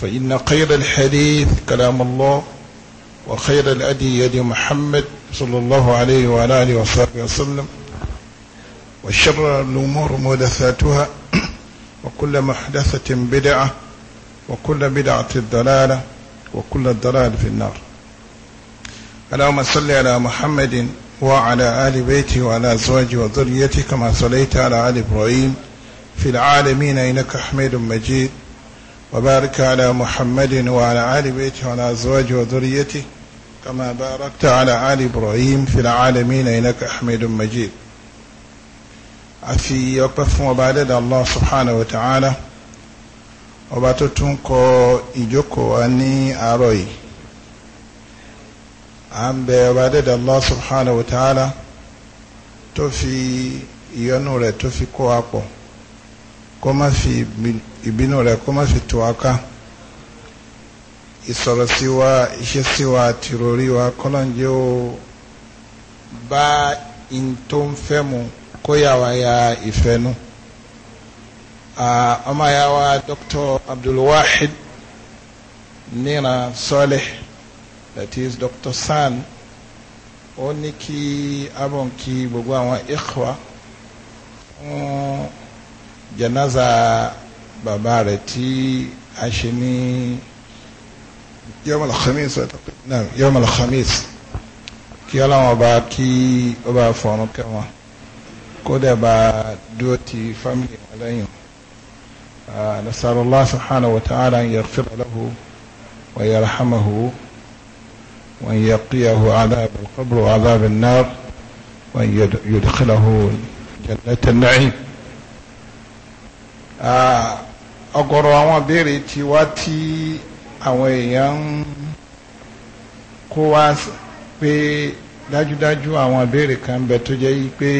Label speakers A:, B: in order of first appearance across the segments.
A: فإن خير الحديث كلام الله وخير الأدي يد محمد صلى الله عليه وعلى آله وصحبه وسلم وشر الأمور محدثاتها وكل محدثة بدعة وكل بدعة ضلالة وكل الضلال في النار اللهم صل على محمد وعلى آل بيته وعلى أزواجه وذريته كما صليت على آل إبراهيم في العالمين إنك حميد مجيد وبارك على محمد وعلى آل بيته وعلى أزواجه وذريته كما باركت على آل إبراهيم في العالمين إنك حميد مجيد àfi ọpẹ́ fún ọba adẹ́dà allah subhanahu wa ta'ala ọba tó tún kọ ìjókòó wa ní àárọ̀ yìí à ń bẹ ọba adẹ́dà allah subhanahu wa ta'ala tó fi ìyọ́nú rẹ̀ tó fi kó wa pọ̀ kó má fi ìbínú rẹ̀ kó má fi tù wá ká ìsọ̀rọ̀ sí wa iṣẹ́ sí wa tìròrí wa kọ́lọ́njẹ́ ó bá in tó ń fẹ́ mu kó yà wá ya ìfẹ́ nu ọmọ ya wa Dr. Abdulwahid Nira Saleh that is Dr. San ó ní kí abọ́n kí gbogbo àwọn ikhwa fún janaza bàbá rẹ̀ tí a ṣe ní yọmọ alhamis náà yọmọ alhamis kí ọlọ́wọ́n ọba kí ọba fọ̀run kẹwọn kó dẹ̀ bá dúró ti fámìlì wọn lẹ́yìn ah, nasalallah subhanahu wa ta'ala an yaghfir lahu wa yarhamahu wa yaqiyahu adhab al-qabr wa adhab an-nar wa yudkhilahu jannat an ọ̀gọ̀rọ̀ àwọn béèrè ti wá tí àwọn èèyàn ń kó wá pé dájúdájú àwọn béèrè kan bẹ tó jẹ́ yí pé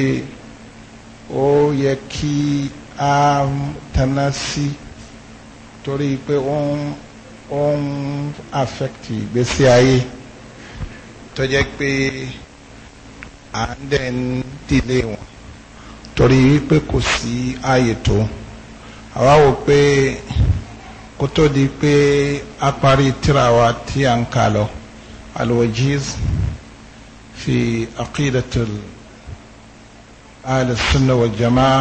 A: ó yẹ kí a tanná sí torí pé ó ń ó ń affect ìgbésí ayé tó jẹ́ pé à ń dẹ̀ ń dìlé wọn torí pé kò sí ààyè tó àwa wò pé kó tó di pé a parí tírà wa tí a ń kà lọ alwajiz fi aqidatul ahli sunna wal jamaa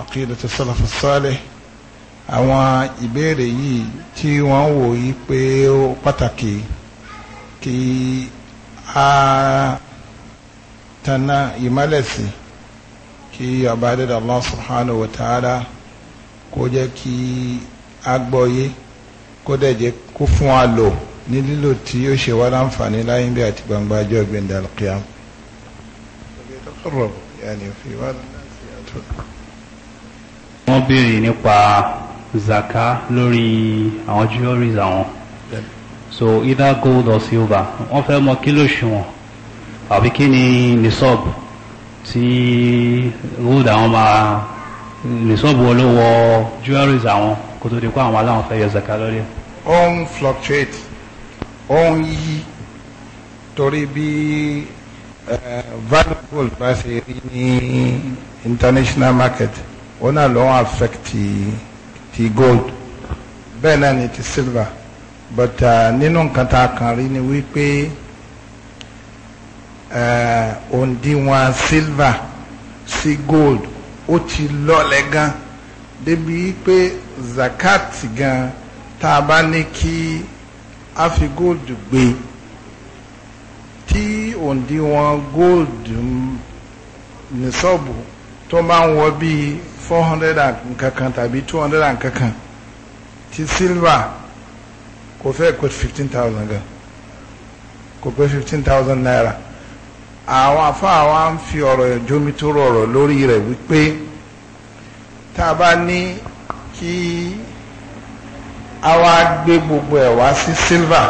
A: aqidatul salaf salih àwọn ìbéèrè yìí tí wọ́n wò yí pé ó pàtàkì kí a tanná ìmálẹ̀sì kí ọba adédọ̀lá subhanahu wa ta'ala kó jẹ́ kí a gbọ́yé kó dẹ̀ jẹ́ kó fún wa lò ní lílò tí ó ṣe wá láǹfààní láyé bí àti gbangba ọjọ́ gbẹ̀ndà alqiyam.
B: wọ́n béèrè nípa zaka lórí àwọn jewelries àwọn so either gold or silver wọ́n fẹ́ mọ̀ kí ló ṣùwọ̀n àbí kí ni nisab tí gold àwọn máa nìṣọ́bù olówó jewelries àwọn kó tó di kó àwọn aláwọ̀ fẹ́ yọ zaka lórí ẹ̀. ó ń fluctuate ó ń yí
A: torí bí value gold bá ṣe rí ní international market ó náà ló ń affect ti, gold bẹ́ẹ̀ náà ni ti silver but uh, nínú nǹkan tá a kàn rí ni wípé òǹdíwọ̀n silver sí gold ó ti lọlẹ̀ gan débi pé zakat gan tá a bá ní kí a fi góòdù gbé tí òǹdíwọ̀n góòdù nìṣọ́ọ̀bù tó máa ń wọ bíi four hundred and kankan tàbí two hundred and kankan ti silver kò fẹ́ kó fifteen thousand gan kò pé fifteen thousand naira àwọn afáà wa ń fi ọ̀rọ̀ jomi tó rọrọ̀ lórí rẹ̀ wípé tá a bá ní kí a wá gbé gbogbo ẹ̀ wá sí silver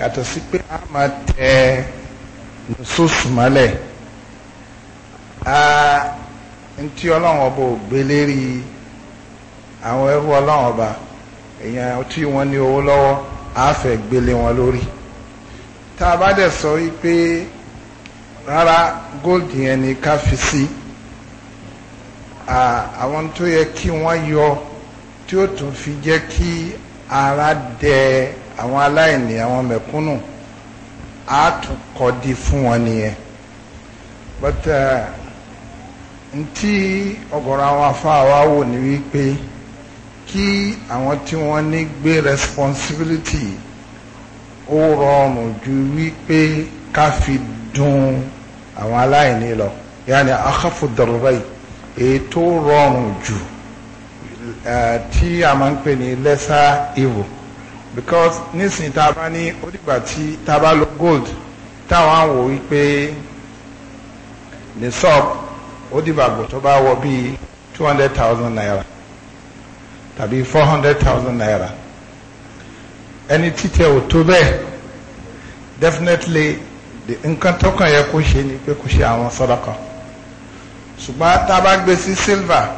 A: yàtọ̀ sí pé a máa tẹ nùsọ́sù mọ́lẹ̀ ntí ọlọ́run ọba ò gbé lérí àwọn ẹrú ọlọ́run ọba èèyàn tí wọ́n ní owó lọ́wọ́ á gbélé wọn lórí tá a bá dẹ̀ sọ wípé rárá gold yẹn ni ká fi sí àwọn tó yẹ kí wọ́n yọ tí ó tún fi jẹ́ kí ara dẹ àwọn aláìní àwọn mẹ̀kúnnù á tún kọ́ fún wọn nìyẹn but ntí ọ̀gọ̀rọ̀ àwọn afáwa wò ní wípé kí àwọn tí wọ́n ní gbé responsibility ó rọrùn ju wípé ká fi dùn àwọn aláìní lọ yáni akhafu darurayi ètò rọrùn jù tí a máa ń pè ní lesser evil because nísìnyí tá a bá ní ó dìgbà tí tá a bá lo gold táwọn àwò wípé ní sub ó tó bá wọ bíi two hundred thousand naira tàbí four hundred thousand naira ẹni títẹ ò tó bẹ́ẹ̀ definitely nǹkan tó kàn yẹ kó ṣe ni pé kó ṣe àwọn sàdákà ṣùgbọ́n tá a bá gbé sí silver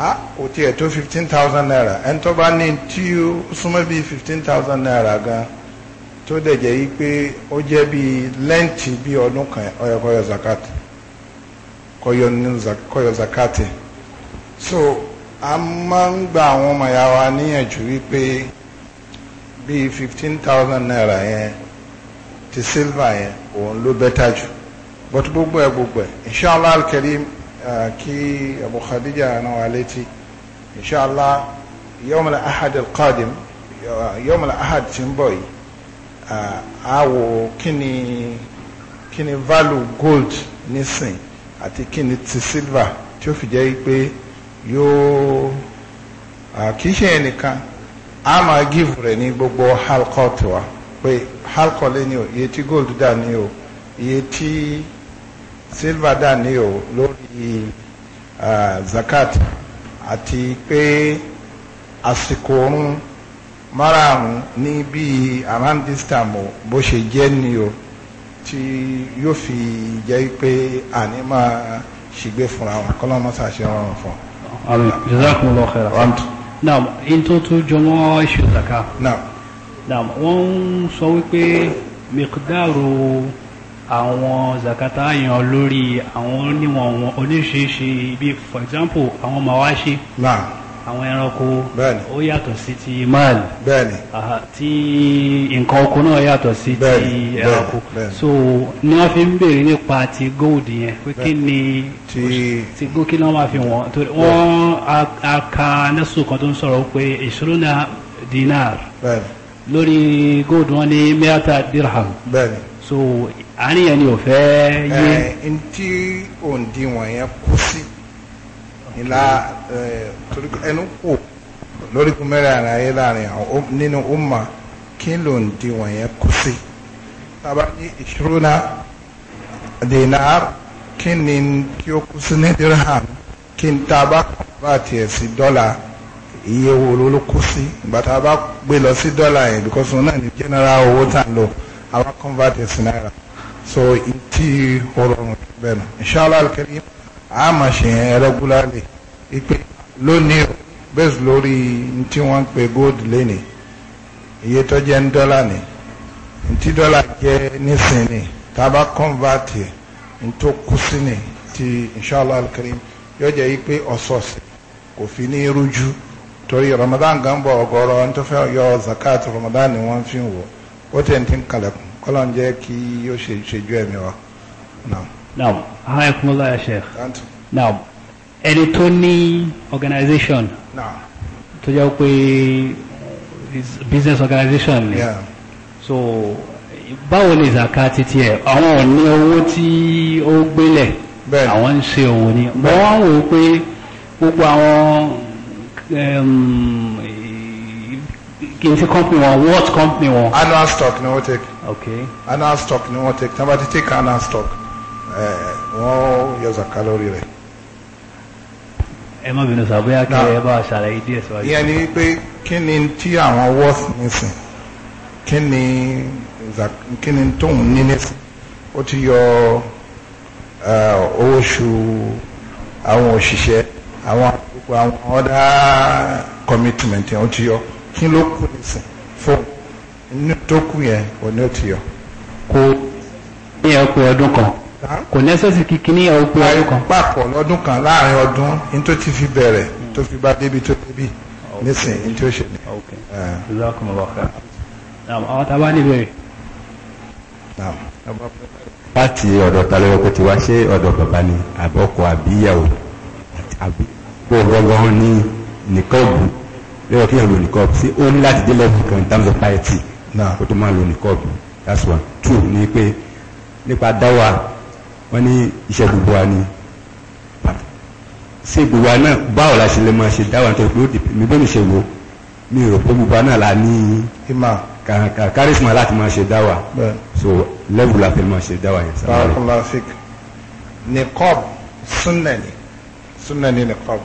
A: ah ó tiẹ̀ tó fifteen thousand naira ẹni tó bá ní tí ó súnmọ́ bíi fifteen thousand naira gan tó dẹ̀ jẹ́ yí pé ó jẹ́ bíi lẹ́ǹtì bíi ọdún kan ó yẹ kó yọ zakat kó zakati so a máa ń gba àwọn ọmọ ìyá wa níyànjú wípé bíi fifteen thousand naira yẹn ti silver yẹn òun ló bẹ́tà jù but gbogbo ẹ gbogbo ẹ inshallah alkarim kí abu khadija náà wà létí inshallah yawm al-ahad al-qadim yawm al-ahad tí ń bọ̀ yìí a wò kíni kíni value gold nísìn àti kíni ti silver tí ó fi jẹ́ pé yóò kì í ṣe ẹnìkan a máa give rẹ̀ ní gbogbo halkọ́ọ̀tù wa pé alcohol ni o iye tí gold dà ní o iye tí silver dà ní o lórí zakat àti pé àsìkò oorun márààrún ní bíi around this time o bó ṣe jẹ́ ni o tí yóò fi jẹ́ pé àní
B: máa ṣègbè fúnra wọn kọ́lọ́ mọ́sá ṣe rọrùn fún un. jazakumullahu khairan. naam in tó tún jọmọ́ iṣu zaka. naam wọ́n ń sọ wípé mẹ̀kúdàrú àwọn zakata yan lórí àwọn oníwọ̀n wọn oníṣeéṣe bíi for example àwọn màwáṣe àwọn ẹranko ó yàtọ̀ sí ti máàlì tí nǹkan oko náà yàtọ̀ sí ti ẹranko so ni wọ́n fi ń béèrè nípa ti gold yẹn pé kí ni ti gókè náà máa fi wọ́n torí wọ́n aka nẹ́sùn kan tó ń sọ̀rọ̀ pé ìṣúná dinar. Bẹ́ẹ̀ni lórí gold wọn ní mẹ́ta dirham. bẹ́ẹ̀ni. so àníyàn ni ò fẹ́ yé.
A: ẹ ntí òǹdí wọn yẹn kú sí ìlà torí ẹnu kò lórí kúmẹ́rẹ́ ara yẹn láàrin àwọn nínú umma kí ló ń di wọn yẹn kú sí. taba ní ìṣúná dinar kí ni kí ó kú sí ní dirham kí n taba bá tiẹ̀ sí dọ́là iye owó ló sí ìgbà tá a bá gbé lọ sí dọ́là yẹn because òun náà ní general owó tá n lò àwa convert it sí náírà so ti ọrọrùn bẹ́ẹ̀ nù inshallah al-karim a máa ṣe yẹn regularly ipe lónìí o based lórí tí wọ́n ń pè gold lẹ́nìí iye tó jẹ́ ń dọ́là ni tí dọ́là jẹ́ nísìnyí tá a bá convert yẹn tó kú sí ni ti inshallah al-karim yóò jẹ́ ipe ọ̀sọ̀ọ̀sẹ̀ kò fi ní rújú torí Ramadan gan bọ̀ ọgọ́rọ̀ ní tó fẹ́ yọ zakat Ramadan ni wọ́n fi ń wò ó tẹ̀ ń
B: ti ń kalẹ̀kùn kọ́lọ̀ ń jẹ́ kí ó ṣe ìṣèjú ẹ̀mí wa. naam ahayekun lọ́yà sheikh naam ẹni tó ní organization tó jẹ́ pé business organization ni yeah. so báwo ni zakat titi ẹ̀ àwọn ò ní owó tí ó gbélẹ̀ àwọn ń ṣe òun ni mo wá wò ó pé gbogbo àwọn. Um, kì í ṣe company wọn what company wọn. annual stock ni wọ́n
A: take. okay. annual stock ni wọ́n take tí take annual stock eh, wọ́n yọ zaka lórí rẹ̀.
B: ẹ má bínú sábẹ́ akẹ́rẹ́ ẹ bá ṣàlàyé díẹ̀ síwájú. ìyẹn ni
A: pé kí ni tí àwọn worth nísìn kí ni kí ni tóun ní nísìn ó ti yọ eh, owó oṣù àwọn òṣìṣẹ́ àwọn gbogbo àwọn ọ̀dà commitment yẹn ó ti yọ kí ló kù nísìn fún inú tó kù yẹn ò ní ó ti yọ. kò ní ẹ pé ọdún kan kò nẹ́sẹ̀sì kíkí ní ẹ pé ọdún kan. papọ̀ lọ́dún kan láàrin ọdún ní tó ti fi bẹ̀rẹ̀ tó fi bá débi tó débi
B: nísìn ní tí ṣe ní. àwọn tá a bá níbẹ̀ láti ọ̀dọ̀ ta lọ́wọ́ pé ti wá ṣé ọ̀dọ̀ bàbá
A: ni àbọ̀kọ àbíyàwó àbí pé ọgbọgbọn ní nìkọ́ọ̀bù
B: lẹ́yìn kí èèyàn lo nìkọ́ọ̀bù sí ó ní láti dé level kan in terms of piety kó tó máa lo nìkọ́ọ̀bù that's one two ni pé nípa dáwà wọ́n ní iṣẹ́ gbogbo wa ni ṣé gbogbo wa náà báwo la ṣe lè máa ṣe dáwà nítorí pé ó dìpẹ́ mi bẹ́ẹ̀ mi ṣe wo mi rò pé gbogbo wa náà la ní kárísìmà láti máa ṣe
A: dáwà so level la fi máa ṣe dáwà yẹn sáà. nìkọ́ọ̀bù súnnà ni súnnà ni nìkọ́ọ̀bù.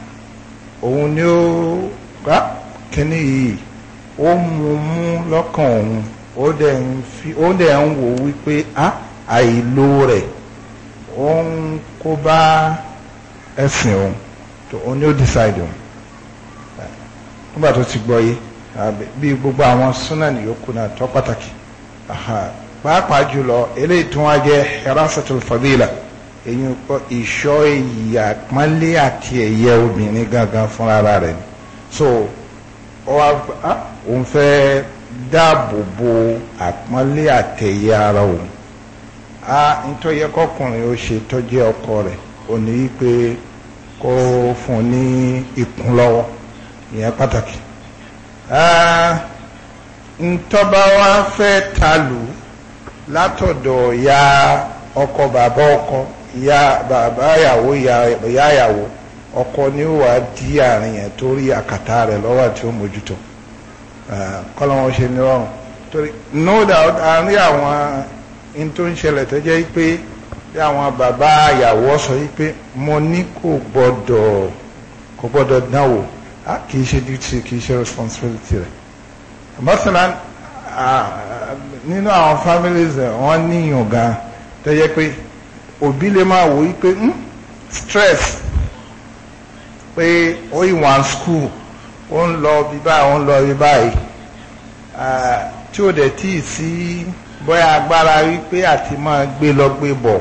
A: òun ni ó gbá kínní yìí ó mú mú lọ́kàn òun ó dẹ̀ ń fi ó dẹ̀ ń wò wípé àìlò rẹ̀ ó ń kó bá ẹ̀sìn òun tó òun ni ó decide òun nígbà tó ti gbọ́ yé bí gbogbo àwọn súnà nìyókù náà tó pàtàkì pàápàá jùlọ eléyìí tó wá jẹ́ hirasatul fadila. èyí kọ́ ìṣọ́ èyí àpọ́nlé àti ẹ̀yẹ obìnrin gangan fúnra ni so ah, òun fẹ́ dáàbò bo àpọ́nlé àtẹ̀yẹ ara òun a nítorí kọkùnrin ó ṣe tọ́jú ọkọ rẹ̀ ò ní wípé kó fún un ní ìyẹn pàtàkì ntọ́ba wa fẹ́ ya ọkọ bàbá ọkọ ìyá bàbá yàwó ìyá yàwó ọkọ ni ó wà di àárín yẹn torí àkàtà rẹ̀ lọ́wọ́ àti ó mójútó kọ́lọ́wọ́n ṣe ní rọrùn torí no doubt àárín àwọn in tó ń ṣẹlẹ̀ tó jẹ́ pé bí àwọn bàbá yàwó sọ pé mo ní kò gbọ́dọ̀ kò gbọ́dọ̀ dánwò kì í ṣe duty kì í ṣe responsibility rẹ̀ mọ́sánná nínú àwọn families wọ́n níyàn gan tó jẹ́ pé òbí lè máa wò wípé hmm, stress pé ó ìwà school ó ń lọ bí báyìí ó ń lọ bí báyìí tí ó dẹ̀ tí ì sí bóyá agbára wípé àti máa gbé lọ gbé bọ̀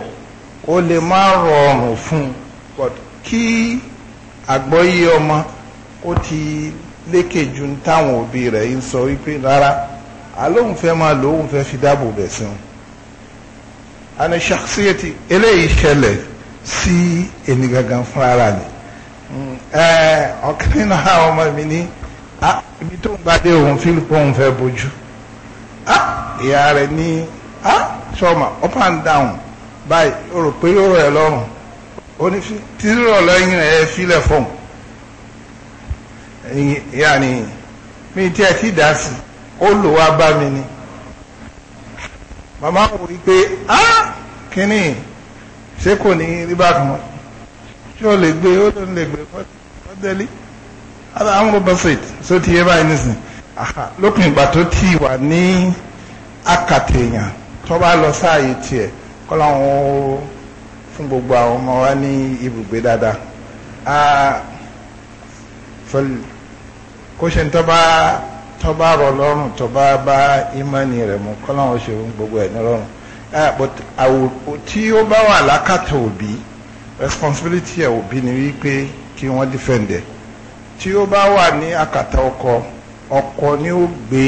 A: ó lè má rọrùn fún un but kí àgbọ́yé ọmọ ó ti lékè ju táwọn òbí rẹ̀ ń sọ wípé rárá alóhùn fẹ́ máa lò fẹ́ fi dáàbò bẹ̀ sí wọn àna ṣàkṣiyẹtì eléyìí ṣẹlẹ̀ sí ẹni gangan fún ara rẹ̀ ọ̀kan nínú àwọn ọmọ mi ní ibi tó ń bá dé òun fílípù òun fẹ́ bójú ìyá rẹ̀ ní sọ́ọ̀mà up and down báyìí o rò pé yóò rọ̀ ẹ́ lọ́rùn ó ní títúrọ̀ lẹ́yìn rẹ̀ ẹ fílẹ̀ fọ́ọ̀mù ìyá ni mi tí ẹ ti dá sí ó lò wá bá mi ni màmá wò yí pé á kínní ṣé kò ní rí bákan wọn ṣé o lè gbé o lè lè gbé kọ́ délé aláwọ̀ bọ́sẹ̀t ṣó ti yé báyìí nísìn lópin ìgbà tó ti wà ní akàtẹ̀yàn tó bá lọ sáàyè tiẹ̀ kọ́ làwọn ó fún gbogbo àwọn ọmọ wa ní ibùgbé dáadáa kó ṣe ń tọ́ bá tọ́ba rọ̀ lọ́rùn tọ́ba bá ìmánì rẹ̀ mú kọ́láwọn ṣe gbogbo ẹ̀ nírọ̀rùn ah, tí ó bá wà lákàtà òbí responsibility ẹ̀ òbí ni wípé kí wọ́n defend ẹ̀ tí ó bá wà ní àkàtà ọkọ ọkọ ni ó gbé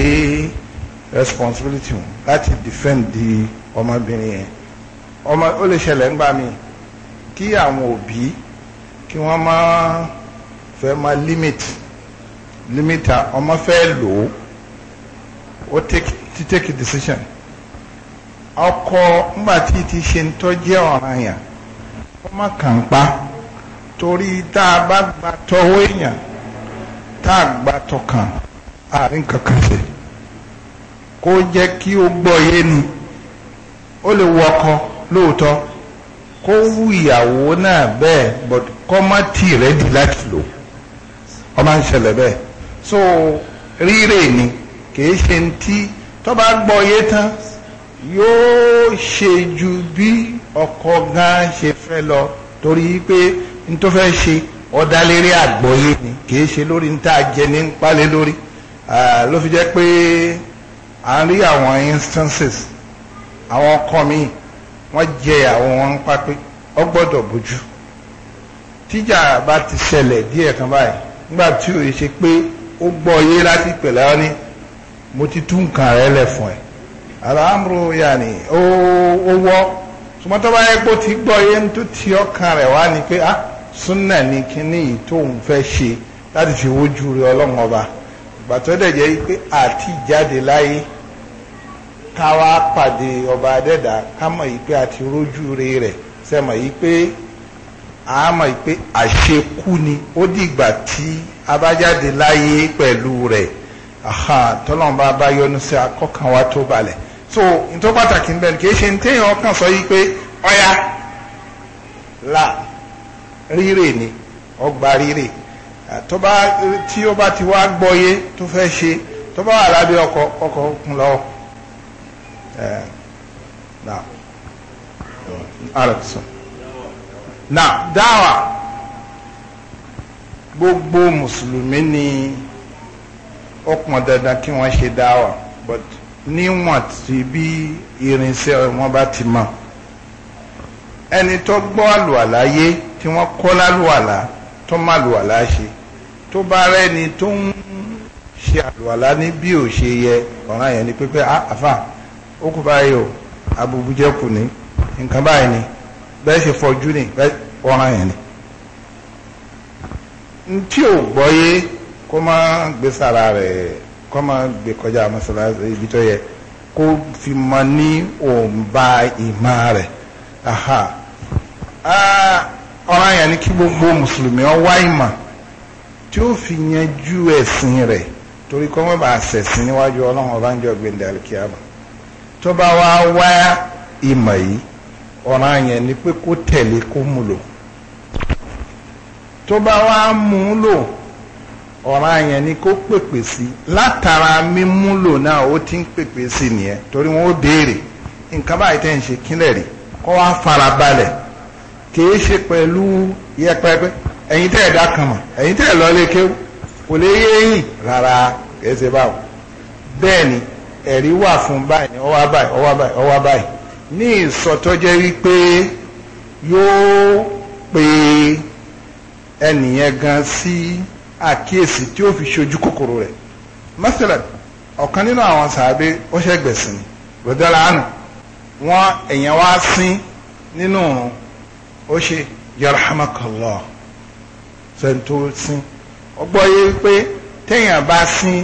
A: responsibility wọn láti defend di ọmọbìnrin yẹn ọmọ ó lè ṣẹlẹ̀ ńgbà mi kí àwọn òbí kí wọ́n máa fẹ́ máa limit limita ọmọ fẹ́ lò ó ó ti take a decision ọkọ ńgbà tí ti ṣe ń tọ́jú ọ̀ràn yàn ó má kàn pa torí tá a bá gba tọwọ́ èèyàn tá a gba tọkàn àárín kankan ṣe kó jẹ́ kí ó gbọ́ yé ni ó lè wọ ọkọ lóòótọ́ kó wú ìyàwó náà bẹ́ẹ̀ but kọ́ má tì rẹ́dì láti lò ọ máa ń ṣẹlẹ̀ bẹ́ẹ̀ so rírè ni kìí ṣe ń tí tó bá gbọ́ yé tán yóò ṣe ju bí ọkọ gan ṣe fẹ́ lọ torí pé n tó fẹ́ ṣe ọ̀dàlérí àgbọ́yé ni kìí ṣe lórí n tá a jẹ ní pálẹ̀ lórí ló fi jẹ́ pé à ń rí àwọn instances àwọn ọkọ mi wọ́n jẹ àwọn wọn ń pápé ọ gbọ́dọ̀ bójú tíjà bá ti ṣẹlẹ̀ díẹ̀ kan báyìí nígbà tí òye ṣe pé ó gbọ́ yé láti pẹ̀lẹ́ ọ́ ní mo ti tú nǹkan rẹ lẹ̀ fún ẹ alámúrò yàní ó wọ́ sọmọtọ́ bá yẹ kó ti gbọ́ yé tó ti ọkàn rẹ̀ wá ni pé ah súnà ni kíní yìí tóun fẹ́ ṣe láti fi wojú rẹ ọlọ́run ọba ìgbà tó dẹ̀ jẹ́ pé àti jáde láyé ká wá pàdé ọba adẹ́dà ká mọ̀ yìí pé àti rójú rẹ̀ sẹ́mọ̀ yìí pé a mọ̀ pé àṣekú ni ó dìgbà tí a bá jáde láyé pẹ̀lú rẹ̀ tọ́lọ́n bá yọnu sí akọ́kàn wa tó balẹ̀ so n tó pàtàkì nbẹ̀ kì í ṣe téèyàn ọkàn sọ yìí pé ọ̀ya la rírè ni ọgbà rírè tí ó bá ti wá gbọ́yé tó fẹ́ ṣe tó bá wà lábẹ́ ọkọ̀ ọkọ̀ òkun lọ. Arabson na dawa gbogbo mùsùlùmí ni ó pọn dandan kí wọ́n ṣe dáwà but níwọ̀n tí bí irinṣẹ́ wọn bá ti mọ̀ ẹni tó gbọ́ àlùwàlá yé tí wọ́n kọ́ lálùwàlá tó má àlùwàlá ṣe tó bá rẹ́ni tó ń ṣe àlùwàlá ní bí ò ṣe yẹ ọ̀ràn yẹn ni pípẹ́ ah, àfà ó kú báyìí o abubujẹ́ kù ní nǹkan báyìí ni bẹ́ẹ̀ ṣe fọjú ni ọ̀ràn yẹn ni tí ò gbọ́yé kó má gbé sára rẹ̀ kó má gbé kọjá mọ́sálásí ibi tó yẹ kó fi mọ ní òǹba ìmọ̀ rẹ̀ ọ̀ràn yẹn ni kí gbogbo mùsùlùmí ó wá ìmọ̀ tí ó fi yanjú ẹ̀sìn rẹ̀ torí kọ́ mọ́ bá ṣẹ̀sìn níwájú ọlọ́run ọba gbẹ̀ndẹ̀ àlùkìyàmọ̀ tó bá wá wá ìmọ̀ yìí ọ̀ràn yẹn ni pé kó tẹ̀lé kó mú lò tó bá wá mú lò ọ̀ràn yẹn pèpè sí látara mímú náà ó ti ń pèpè sí nìyẹn torí wọn ó béèrè nǹkan báyìí tẹ́ ń ṣe kílẹ̀ rí kó wá kìí ṣe pẹ̀lú yẹpẹpẹ ẹ̀yin tẹ́ ẹ̀ dá kan mọ̀ ẹ̀yin tẹ́ ẹ̀ kéwù kò lè yé rárá bẹ́ẹ̀ ni ẹ̀rí wà fún báyìí ní ìsọtọ́jẹ́ wípé yóò pe ẹnìyẹn gan sí àkíyèsí tí ó fi ṣojú kòkòrò rẹ̀ mọ́sálà ọ̀kan nínú àwọn sàábé ó ṣẹ̀gbẹ̀sìn rọ̀dọ́là àná wọ́n èèyàn wá sín nínú ó ṣe yarhamakallah sẹ́ńtò sín ọgbọ́ yé pé téèyàn bá sín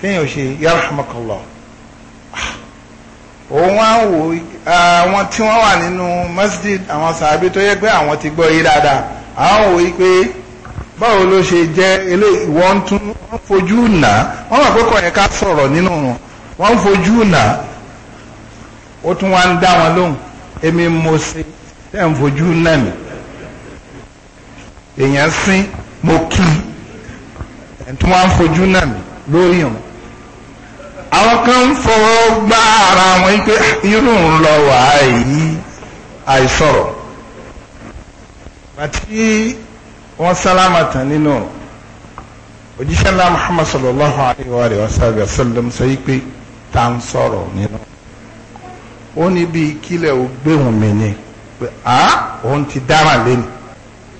A: téèyàn ṣe yarhamakallah òun á wò àwọn tí wọ́n wà nínú masjid àwọn sàábí tó yẹ pé àwọn ti gbọ́ yìí dáadáa àwọn wò yìí pé báwo ló ṣe jẹ́ ilé ìwọ́n tún wọ́n fojú nà wọ́n mọ̀ pé kò ká sọ̀rọ̀ nínú wọn wọ́n fojú nà ó tún wá ń dá wọn lóhùn èmi mo ṣe tẹ́ ń fojú nà mí èèyàn sín mo kí ẹ̀ tún wá ń fojú nà mí lórí wọn àwọn kan ń fọwọ́ gbá ara wọn pé ah, irú ń lọ wà yìí àìsọ̀rọ̀ bàtí wọ́n sálámà tán nínú òjíṣẹ́ ńlá Muhammad sallallahu alayhi wa sallam sọ yìí pé ta ń sọ̀rọ̀ nínú ó ní bí kílẹ̀ ó gbéhùn mi ni pé a òun ti dára lẹ́nu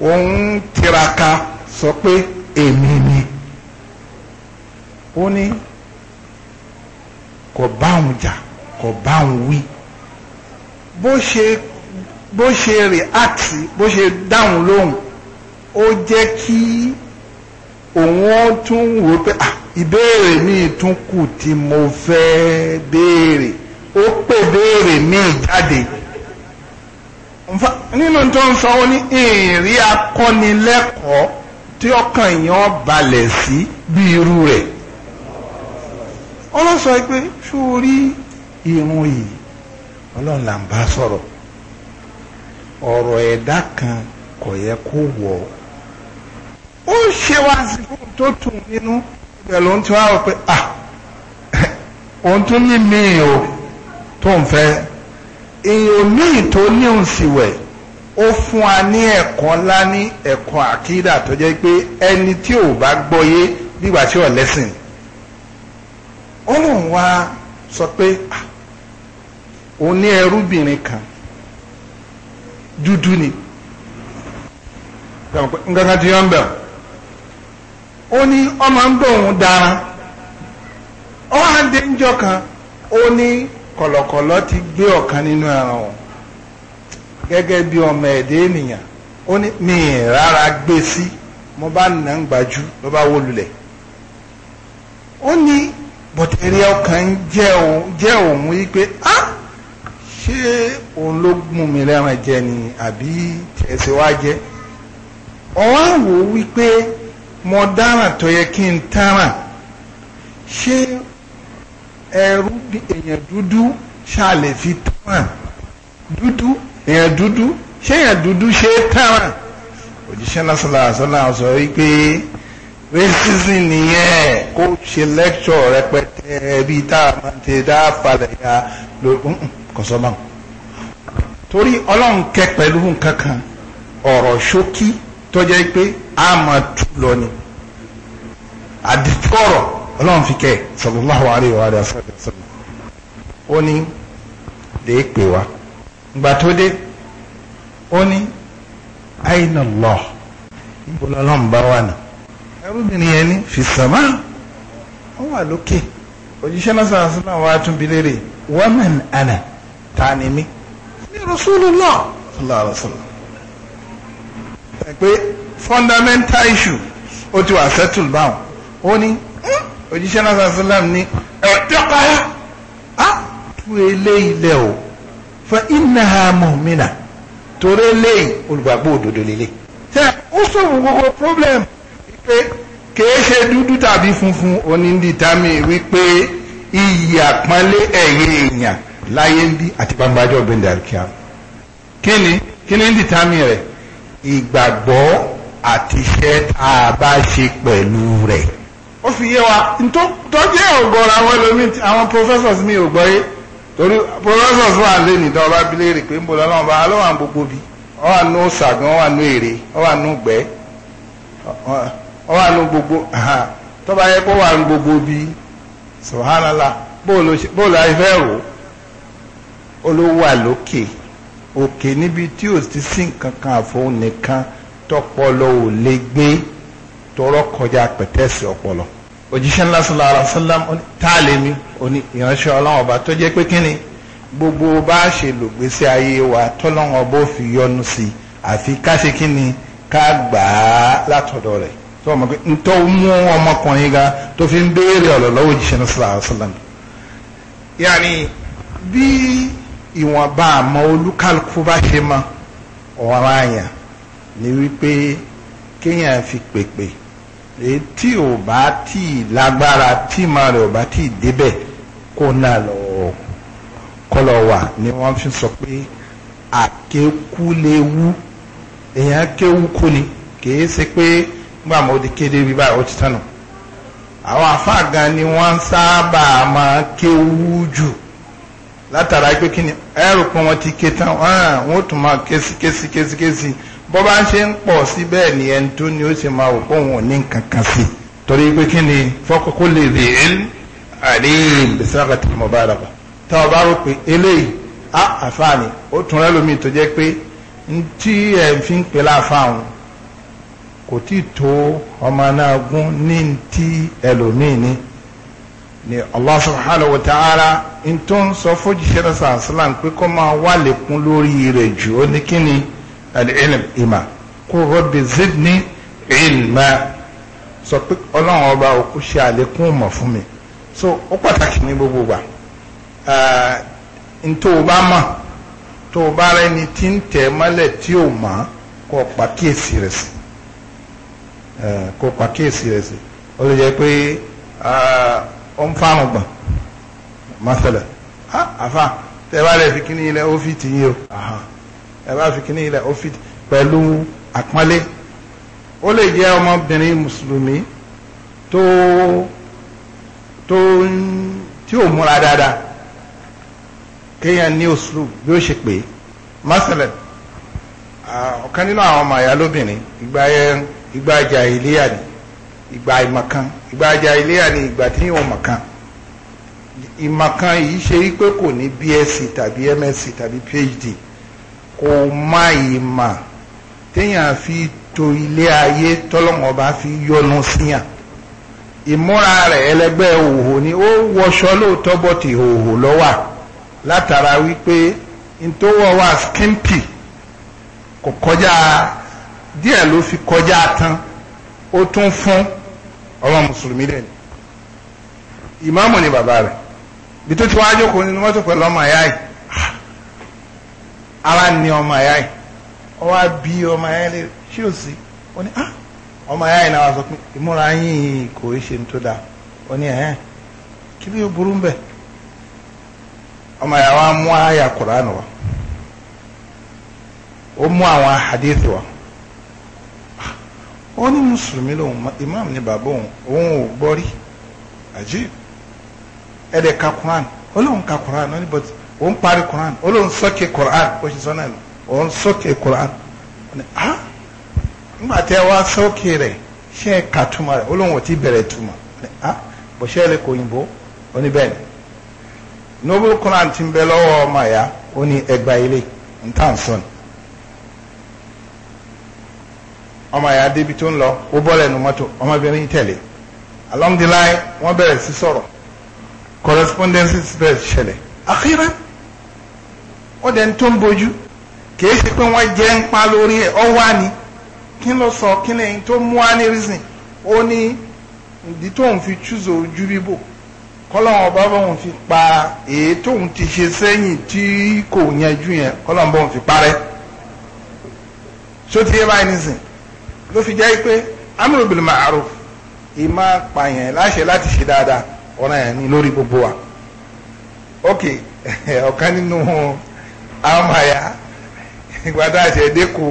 A: òun tiraka sọ pé èmi ni ó ní kò bá òun jà kò bá òun wí bó ṣe bó ṣe react bó ṣe dáhùn lóhùn ó jẹ́ kí òun ó tún wò pé ah ìbéèrè mi tún kù tí mo fẹ́ béèrè ó pè béèrè míì jáde nínú tó ń sọ ó ní ìrírí akọ́nilẹ́kọ̀ọ́ tí ọkàn èèyàn balẹ̀ sí bí irú rẹ̀ ọlọ́run sọ pé sórí irun yìí ọlọ́run là ń bá sọ̀rọ̀ ọ̀rọ̀ ẹ̀dá kan kò yẹ kó wọ̀ ó ṣe wá síkú tó tún nínú ibẹ̀ ló ń ti wá pé ah òun tún ní míì o tó ń fẹ́ èèyàn míì tó ní òun sì wẹ̀ ó fún wa ní ẹ̀kọ́ ńlá ní ẹ̀kọ́ àkídà tó jẹ́ pé ẹni tí ò bá gbọ́yé bí ìgbà tí ò lẹ́sìn ó lóun sọ pé òun ní ẹrúbìnrin ni nǹkan ti yọ ó ní ọmọ ń bọ̀ dára ó dé kan ó ní kọ̀lọ̀kọ̀lọ̀ ti gbé ọ̀kan nínú ẹran òun gẹ́gẹ́ bí ọmọ ẹ̀dẹ́ ènìyàn ó ní mi rárá gbé sí mo bá nà ń gbájú but eré ọkàn jẹ́ òun wípé ah ṣé òun ló mú mi lẹ́ran jẹ ni àbí tẹ̀sí wá jẹ́ ọ̀wá wò wípé mo dáràn tó yẹ kí n táràn ṣé ẹrú èèyàn dúdú ṣàlè fi táràn dúdú èèyàn dúdú ṣé èèyàn dúdú ṣe táràn òjíṣẹ́ náà sọ̀rọ̀ àṣọ náà sọ wípé racism nìyẹn kó ṣe lecture rẹpẹtẹ bí tá a máa ti dá falẹ̀ ya ló kò sọ báwọn. torí ọlọ́run kẹ pẹ̀lú nǹkan kan ọ̀rọ̀ ṣókí tó pé a máa tù lọ ni àdìkọ̀rọ̀ ọlọ́run fi kẹ́ sallallahu alaihi wa alihi wasallam ó ní lè pè wá ìgbà tó dé ó ní aina Allah ìbúlọ́lọ́run bá wà ní ẹrúbìnrin yẹn ní fi sàmà ó wà lókè òjíṣẹ́ náà sọ̀rọ̀ sọ́nà wa tún bi léèrè wọ́mẹ̀n ànà ta ni mí ní Rasulullah sallallahu alaihi wasallam. ẹ pé fundamental issue ó ti wà settle báwọn ó ní òjíṣẹ́ náà sọ̀rọ̀ sọ́nà ní ẹ̀ẹ́dẹ́gbà á tú eléyìí lẹ̀ o fa innaha mu'mina torí eléyìí olùgbàgbọ́ òdodo lélẹ̀. ṣé ó sọ̀rọ̀ gbogbo problem kìí ṣe dúdú tàbí funfun onídìtámì wípé iyì àpọ́nlé ẹ̀yẹ èèyàn láyé ń bí àti gbangbájọ́ gbẹ̀ndẹ̀ àríkíá kí ni kí ni ń dìtámì rẹ̀ ìgbàgbọ́ àti iṣẹ́ tá a bá ṣe pẹ̀lú rẹ̀. ó fi yé wa tọ́jú ọ̀gọ́rọ̀ àwọn ẹlòmíì àwọn professors mi ò gbọ́ yé torí professors wà lé ní dán ọba abilé rè pé ń bọ̀ lọ́wọ́ ọba alọ́wọ́ àwọn gbogbo bi ọ wà nù sàgbọ́n ọ wà nù èrè ọ wà nù gbẹ́ ọ wà nù gbogbo tó bá yẹ kó wà nù gbogbo bí sọ̀hánàlá bóòlù ayífẹ́ rò olówó wà lókè òkè níbi tí ò ti sí nǹkan kan àfọwọ́ nìkan tọpọlọ ò lè gbé tọrọ kọjá pẹ̀tẹ́sì ọpọlọ òjíṣẹ́ ńlá sọ̀rọ̀ àràsálàm tá a mi òní ìránṣẹ́ ọlọ́run ọba tó jẹ́ pé kíni gbogbo bá a ṣe lògbésí ayé wa tọ́lọ́run ọba ò fi yọ́nú sí àfi ká ṣe kíni ká gbà á látọ̀dọ̀ rẹ̀ tó ọmọ pé ntọ́ mú ọmọkùnrin ga tó fi ń béèrè ọ̀rọ̀ lọ́wọ́ òjíṣẹ́ náà sílá sílámù yàní bí ìwọ̀nba àmọ́ olúkálukú bá ṣe mọ ọ̀ràn àyàn ni wípé kéèyàn fi pèpè tí ò bá tí ì lágbára tí màá rẹ̀ ò bá tí ì débẹ̀ kó náà lọ kọlọ̀ wà ni wọ́n fi sọ pé àkékúléwú èèyàn kéwú kú ni kì í ṣe pé nígbà mo ti kéde bí báyìí ó ti tán nù àwọn àfáà gan ni wọ́n sábà máa kéwú jù látara pé kí ni ẹrù pé wọ́n ti ké tán wọ́n tún máa késì késì késì késì bó bá ń ṣe ń pọ̀ sí bẹ́ẹ̀ ni ẹni tó ni ó ṣe máa wò pé òun ò ní nǹkan kan sí torí pé kí ni fọ́kọ́kọ́ lè rè é àríyìn bisára tí bá rà tá a bá rò pé eléyìí á àfáà ni ó tún rẹ́ lómi tó jẹ́ pé tí ẹ̀ fi ń pè láàfáà òun kò tí tó ọmọ náà ní ti ẹlòmíì ni ni Allah subhanahu wa n tó ń sọ fójìṣẹ́ rẹ̀ sàásìlà pé kó máa wà lẹ́kún lórí rẹ̀ jù ó ní ìmà kó sọ ọba òkú ṣe àlékún fún mi so ó pàtàkì ní gbogbo wa ntó o bá mọ̀ tó o bá rẹ ni tí ń tẹ̀ o mọ̀ kó kó pàkíyèsí rẹ̀ sí ó lè jẹ́ pé ó ń fáwọn gbọ̀n ha àfà tẹ́ bá lè fi kíní ilẹ̀ ó fìtì yìí o ẹ bá fi kíní ilẹ̀ ó fìtì pẹ̀lú àpọ́nlé ó lè jẹ́ ọmọbìnrin mùsùlùmí tó tó tí ò múra dáadáa kéèyàn ní òṣùlù bí ó ṣe ọ̀kan nínú àwọn ọmọ àyà lóbìnrin ìgbà yẹn. ìgbà jàhílíyà ni ìgbà ìmọ̀kan ìgbà jàhílíyà ni ìgbà tí yóò mọ̀kan ìmọ̀kan yìí ṣe wípé kò ní bsc tabi msc tabi phd kò má ìmọ̀ téèyàn fi to ilé ayé tọ́lọ́mọ bá fi yọnu síyàn ìmúra rẹ̀ ẹlẹgbẹ́ òhò ni ó wọṣọ lóòótọ́ bọ́tì òhò lọ́wà látara wípé ntọ́wọ́ wa skimpi kò kọjá díẹ̀ ló fi kọjá tán ó tún fún ọmọ mùsùlùmí dẹ̀ ni ìmáàmù ni bàbá rẹ̀ bí tó ti wá jókòó nínú mọ́tò pẹ̀lú ọmọ àyà yìí ara ni ọmọ àyà yìí ọ wá bí ọmọ àyà yìí ṣé ò sí ó ní ah ọmọ àyà yìí náà wá sọ pé ìmúra yín kò í ṣe tó dáa ó ní ẹ̀hẹ́n kí ló burú ń ọmọ àyà wa mú àyà Kùránì wa ó mú àwọn hadith wa ó ní mùsùlùmí lòun imam ní bàbá òun òun ò gbọ́ rí ajib ẹ̀dẹ̀ ka quran ó lóun ka quran ó ní but òun parí quran ó lóun sókè quran ó sì sọ náà òun sókè quran ó ní ah nígbà tí ẹ wá sókè rẹ̀ ṣé ẹ kà túmọ̀ rẹ̀ ó lóun ò ti bẹ̀rẹ̀ túmọ̀ ó ní ah bó ṣe lè kó òyìnbó ó ní bẹ́ẹ̀ ni noble quran ti ń bẹ lọ́wọ́ ọmọ ẹ̀yà ó ní ẹgbàá ilé ń tàn sọ́ni ọmọ àyà débi tó ń lọ ó bọ́ lẹ́nu mọ́tò ọmọbìnrin tẹ̀lé along the line wọ́n bẹ̀rẹ̀ sí sọ̀rọ̀ correspondences bẹ̀rẹ̀ ṣẹlẹ̀ àkírá ó dẹ̀ tó ń bojú kìí ṣe pé wọ́n jẹ́ ń pa lórí ẹ̀ ọ wá ni kí ló sọ kí lẹ́yìn tó mú wá ní reason ó ní ìdí tóun fi chúzò ojú bíbò kọ́lọ́hún ọba bóun fi pa èyí tóun ti ṣe sẹ́yìn tí kò yanjú yẹn kọ́lọ́hún bóun fi parẹ́ sótìyẹ́ báyìí nísìnyí. ló fi jẹ́ pé amúlò bìlì màárù ìmá pààyàn láṣẹ láti ṣe dáadáa ọ̀ràn yẹn ni lórí gbogbo wa ok ọ̀kan nínú àwọn àyà tá a ṣe dínkù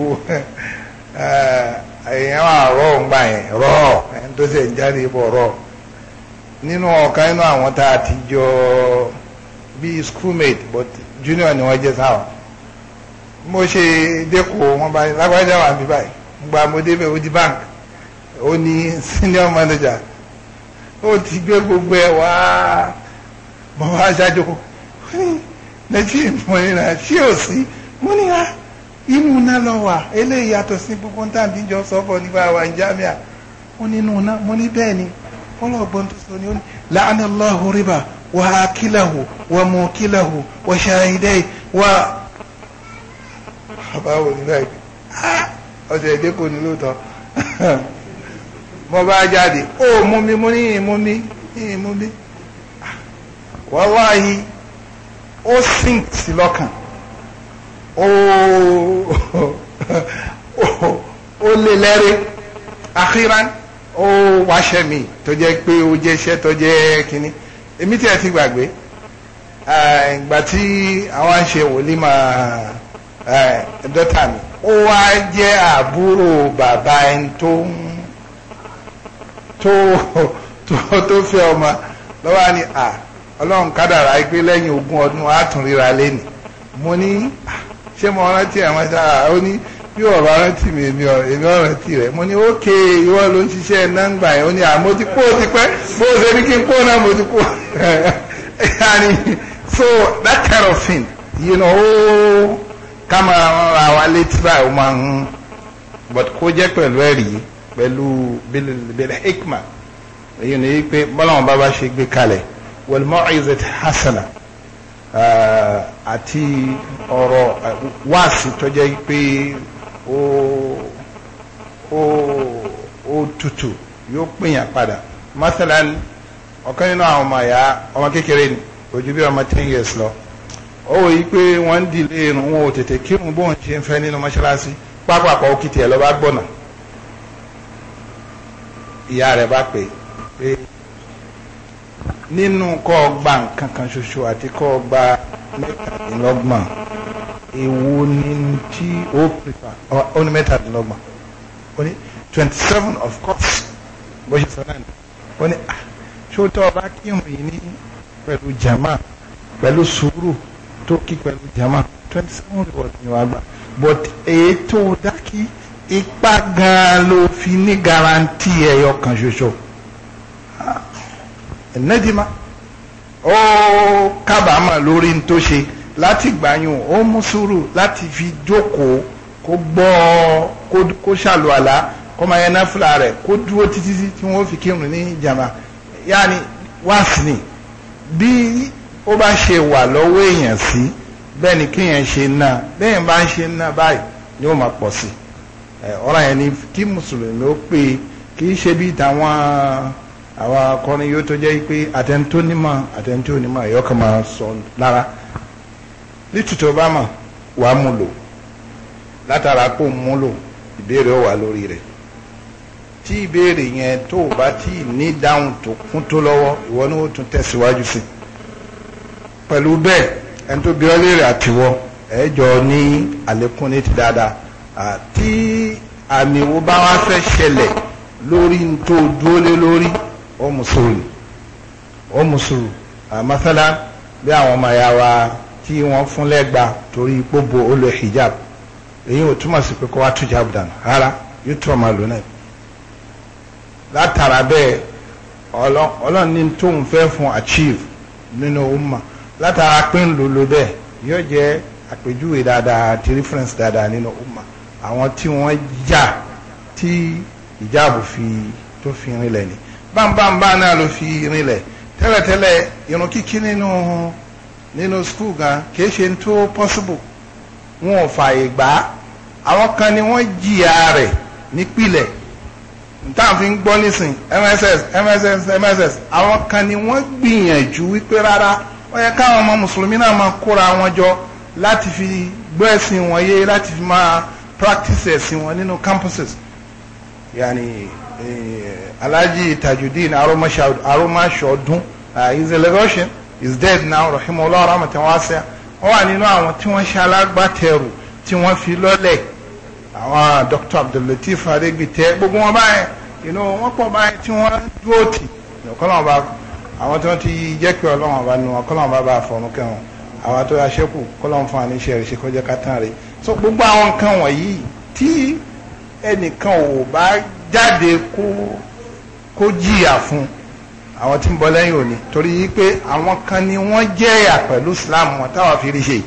A: èèyàn àárọ̀ yẹn ẹni tó ṣe ń jáde nínú ọ̀kan nínú àwọn tá a ti jọ but junior ni wọ́n jẹ́ sáwọn mo ṣe wọn lágbájá wà báyìí. gba mo débẹ̀ ó di bank ó ní senior manager ó ti gbé gbogbo ẹ̀ wá mọ̀ wá ṣáájú kó lẹ́tí mo ní ra ṣé ò sí mo ní ra ah, inú iná lọ wà eléyìí yàtọ̀ sí gbogbo táàbí jọ sọ́kọ̀ nípa wa jámíà ó ní inú iná mo ní bẹ́ẹ̀ ni ọlọ́gbọ́n tó sọ ni ó ní láàánú lọ́hùn rìbá wà á kílàhù wà mú kílàhù wà ṣàìdẹ́ wà. àbáwò nílẹ̀ ah ọ̀sẹ̀ èdè kò ní lóòótọ́ mo bá jáde ó mú mi mo ní ìmú mi ní ìmú mi wàláhì ó sink sí lọ́kàn ó ó lé lẹ́rẹ́ àkírán ó wáṣẹ́ mi tó jẹ́ pé ó jẹ́ iṣẹ́ tó jẹ́ kínní èmi tí ẹ ti gbàgbé ìgbà tí àwọn ṣe wòlímà dọ́tà mi ó wá jẹ́ àbúrò bàbá ẹni tó tó tó fẹ́ ọmọ lọ́wọ́ ni à ọlọ́run kádàrá pé lẹ́yìn ogún ọdún àtúnríra lẹ́nìí mo ní ṣé mo rántí àwọn ṣáà ó ní bí ọ̀rọ̀ rántí mi èmi ọ̀rọ̀ rántí rẹ̀ mo ní ókè ìwọ ló ń ṣiṣẹ́ nọ́ngbà yẹn ó ní àmọ́ ti kó ti pẹ́ bó ṣe ní kí n kó náà mo ti kó so that kind of thing you know ká máa ra wa létí báyìí ó máa ń but kó jẹ́ pẹ̀lú ẹ̀rí pẹ̀lú bil hikma èyí ni pé bọ́láwọn bá bá ṣe gbé kalẹ̀ wal mau'izati hasana àti ọ̀rọ̀ wáàsí tó jẹ́ pé ó ó ó tutù yóò pèèyàn padà masalan ọ̀kan nínú àwọn ọmọ àyà ọmọ kékeré ojú bí ọmọ ten years lọ ó wò yí pé wọ́n ń dìlé irun wọn ò tètè kírun bóun ṣe ń fẹ́ nínú mọ́ṣáláṣí pápákọ̀ òkìtì ẹ̀ lọ́ba gbọ̀nà ìyá rẹ̀ bá pè pé nínú kọ́ gba nǹkan kan ṣoṣo àti kọ́ gba mẹ́tàdínlọ́gbọ̀n èwo ni tí ó prefer ó ní mẹ́tàdínlọ́gbọ̀n ó ní twenty seven of course bó ṣe sọ náà ó ní ah, ṣó tọ́ ọba kírun yìí ní pẹ̀lú jama pẹ̀lú sùúrù tó kí pẹ̀lú jama twenty seven reward ni wàá gbà but ètò dákì ipá gan ló fi ní garanti ẹyọ kan ṣoṣo ah, ẹnẹdìmá ó kábàámà lórí ní tó ṣe láti gbàyàn ó mú sùúrù láti fi jókòó kó gbọ́ kó ṣàlùwàlá kó máa yẹn náfìlà rẹ̀ kó dúró títí tí wọ́n fi kírun ní jama yáni wáàsì ni bí ó bá ṣe wà lọ́wọ́ èèyàn sí bẹ́ẹ̀ ni kéèyàn ṣe náà bẹ́ẹ̀ bá ń ṣe náà báyìí ni ó máa pọ̀ sí ọ̀ràn yẹn ni kí mùsùlùmí ó pè é kì í ṣe bí tàwọn àwọn akọrin yóò tó jẹ́ pé àtẹ̀ntó nímọ̀ àtẹ̀ntó nímọ̀ ẹ̀yọ́ kan máa sọ lára nítutù ọba mà wà á mú lò látara kó mú lò ìbéèrè ó wà lórí rẹ̀ tí ìbéèrè yẹn tó o bá tí ì ní dáhùn tó kún tó lọ́wọ́ ìwọ ni ó tún tẹ̀síwájú sí i pẹ̀lú bẹ́ẹ̀ ẹni tó bí ọ léèrè àtiwọ́ ẹ jọ ní àlékún ní ti dáadáa àti àmì wo bá wá fẹ́ ṣẹlẹ̀ lórí tó dúró lé lórí ó mùsùlùmí ó mùsùlùmí àmọ́sálá bí àwọn ọmọ ya wa tí wọ́n fún lẹ́gba torí gbogbo olè hijab èyí ò túmọ̀ sí pé kó wá tú hijab dànù rárá yóò tún ọmọ lò náà látara bẹ́ẹ̀ ọlọ́ọ̀ni tóun fẹ́ fún achieve nínú umma látara pé ń lò lò bẹ́ẹ̀ yóò jẹ́ àpèjúwe dáadáa àti reference dáadáa nínú umma àwọn tí wọ́n jà tí ìjáàbò fi tó fi rinlẹ̀ ni bámbámbá náà ló fi rinlẹ̀ tẹ́lẹ̀tẹ́lẹ̀ irun kíkí nínú nínú skul gan kì í ṣe tó possible wọn ò fààyè gbà á àwọn kan ni wọ́n jìyà rẹ̀ nípìlẹ̀ táwọn fi ń gbọ́ nísìn mss mss mss àwọn kan ni wọ́n gbìyànjú wípé rárá ó yẹ káwọn ọmọ mùsùlùmí náà máa kóra wọn jọ láti fi gbọ́ ẹ̀sìn wọn yé láti fi máa practice ẹ̀sìn wọn nínú campuses yaani alhaji tajudeen aromashodun his uh, elevation is dead now rahimahullah rahmatan wasi'a wọ́n wà nínú àwọn tí wọ́n ṣe alágbàtẹ̀rù tí wọ́n fi lọ́lẹ̀ àwọn dr abdullatif adegbite gbogbo wọn báyìí inú wọn pọ̀ báyìí tí wọ́n dúró tì ọ̀kọ́ àwọn tí wọ́n ti jẹ́ pé ọlọ́run ọba nu wọn kọ́lọ́run bá bá fọ̀ọ́nù kẹ́wọn àwọn tó aṣẹ́kù kọ́lọ́run fún àníṣe rẹ̀ ṣe kọjá kátán rẹ̀ so gbogbo àwọn nǹkan wọ̀nyí tí ẹnìkan ò bá jáde kó kó jìyà fún àwọn tí ń bọ lẹ́yìn òní torí pé àwọn kan ni wọ́n jẹ́yà pẹ̀lú Islam wọn táwọn fi rí ṣe